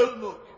Elnök!